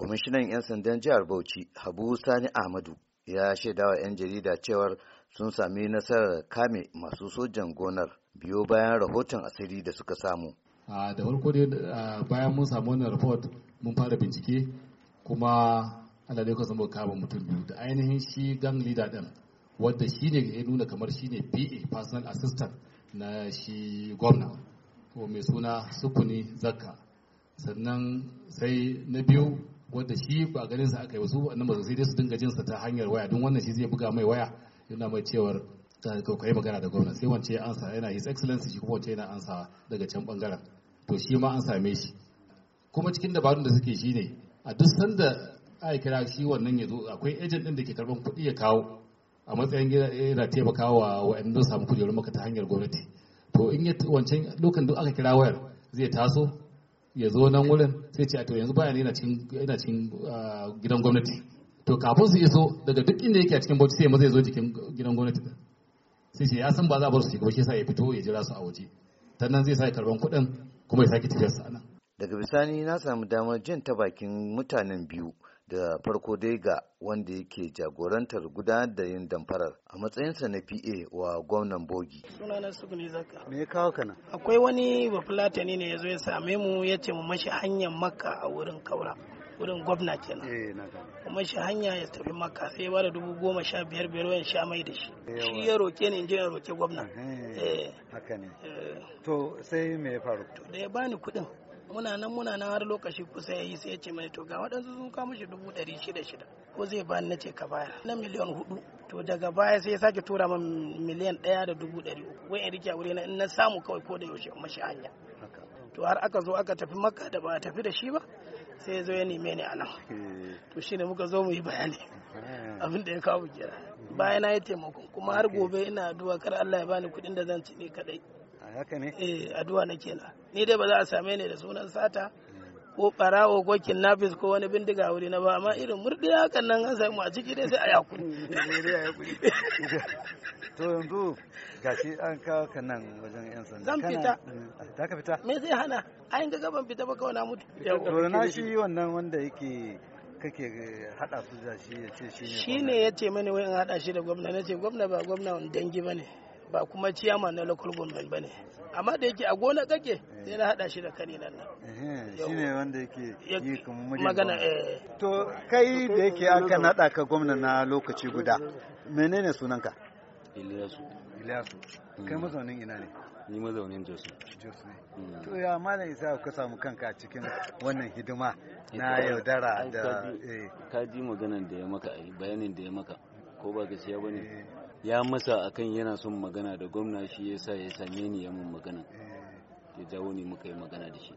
kwamishinan 'yan sandan jihar bauchi habu sani ahmadu ya shaidawa 'yan jarida cewar sun sami nasarar kame masu sojan gonar biyo bayan rahoton asiri da suka samu da farko dai bayan mun samu wannan report mun fara bincike kuma Allah dai kusan kama mutum biyu da ainihin shi gang leader din wadda shi ne ya nuna kamar shi ne PA personal assistant na shi gwamna ko mai suna sukuni zakka sannan sai na biyu wanda shi ba ganin sa aka yi su wannan ba sai dai su dinga jinsa ta hanyar waya don wannan shi zai buga mai waya yana mai cewar ka kai magana da gwamnati sai wance ya ansa yana his excellency shi kuma wance yana ansa daga can bangaren to shi ma an same shi kuma cikin dabarun da suke shi a duk sanda ai kira shi wannan ya zo akwai agent din da ke karban kuɗi ya kawo a matsayin yana taimakawa wa'anda samu kujerun maka ta hanyar gwamnati to in ya wancan lokacin duk aka kira wayar zai taso ya zo nan wurin sai ce to yanzu baya ne yana cin gidan gwamnati to kafin su iso daga duk inda yake a cikin bauchi sai ya zai zo jikin gidan gwamnati din sai ce ya san ba za a bar su shiga shi sa ya fito ya jira su a waje ta nan zai sake karban kuɗin kuma ya sake tafiyar sa nan daga bisani na samu damar jin ta bakin mutanen biyu da farko dai ga wanda yake jagorantar gudanar da yin damfarar a matsayinsa na PA wa gwamnan Bogi. su Suguni Zaka. Me ya kawo kana? Akwai wani bafulatani ne ya zo ya same mu ya ce mu mashi hanyar Makka a wurin Kaura. wurin gwamna kenan eh, mu mashi hanya ya tafi maka sai ya bada dubu goma sha biyar biyar wayan sha mai da shi shi ya roke ni in je roke gwamna eh. haka ne eh. to sai me ya faru to da ya bani kuɗin muna nan muna nan har lokaci kusa ya yi sai ya ce mai to ga waɗansu sun kawo mishi dubu ɗari shida shida ko zai bani na ce ka baya na miliyan hudu to daga baya sai ya sake tura min miliyan ɗaya da dubu ɗari uku wai in rike a wuri na in na samu kawai ko da yaushe mashi hanya to har aka zo aka tafi makka da ba tafi da shi ba sai ya zo ya neme ni a nan to shine muka zo mu yi bayani abin da ya kawo kira bayan na yi taimakon kuma har gobe ina addu'a kar Allah ya bani kuɗin da zan ci ne kaɗai. haka ne eh addu'a na kenan ni dai ba za a same ni da sunan sata ko barawo ko kidnappers ko wani bindiga wuri na ba amma irin murdiya hakan nan an samu a ciki dai sai a yakuri to yanzu gashi an kawo ka nan wajen yan sanda zan fita ta eh, ka fita me zai hana ayin ga gaban fita ba kawai na mutu to na shi wannan wanda yake kake hada su da shi ya ce shi ne shi ne ya ce mani wai in hada shi da gwamna na ce gwamna ba gwamna dangi ba ne ba kuma ciyama na local government ba ne amma da yake a gona kake sai na hada shi da kani nan ne wanda yake yi kuma magana eh. to kai da yake aka nada ka gwamna na lokaci guda menene sunanka Ilyasu Ilyasu kai mm. mazaunin ina ne ni mazaunin Jos Jos ne mm. to ya malam Isa ka samu kanka a cikin wannan hidima na yaudara da eh. Ka ji maganan da ya maka bayanin da ya maka ko ba gaskiya bane eh. ya masa akan yana son magana da gwamna shi ya sa ya same ni ya mun magana ya jawo ni muka yi magana da shi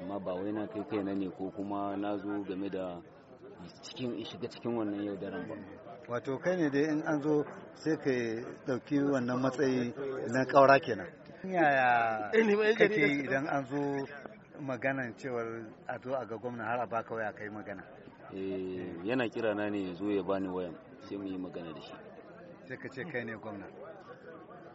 amma ba wai na kai kaina ne ko kuma na zo game da cikin shiga cikin wannan yaudaran ba wato kai ne dai in an zo sai ka dauki wannan matsayi na kaura kenan yaya eh, kake idan an zo maganan cewar a zo a ga gwamna har a baka waya kai magana eh, yana kira na ne ya zo ya bani wayan sai mu yi magana da shi sai ka ce kai ne gwamna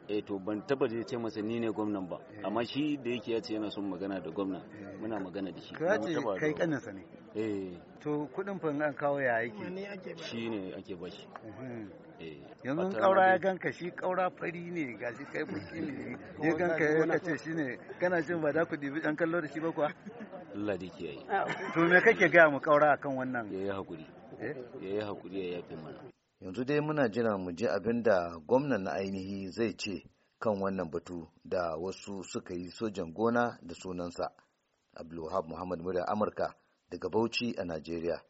eh to ban taba je ce masa ni ne gwamnan ba eh. amma shi da yake ya ce yana son magana da gwamna eh. muna magana da shi ka ce kai kaninsa ne eh to kudin fa an kawo ya yake shi ne ake ba shi. Eh. yanzu kaura ya ganka shi kaura fari ne ga shi kai buki ne ya ganka ya ce shi ne kana jin ba da ku dibi an kallo da shi ba kuwa Allah kiyaye to me kake ga mu kaura akan wannan yayi hakuri yayi hakuri ya yafe mana yanzu dai muna jira mu ji abin da gwamnan na ainihi zai ce kan wannan batu da wasu suka yi sojan gona da sunansa abdulwahab muhammad murya amurka daga bauchi a najeriya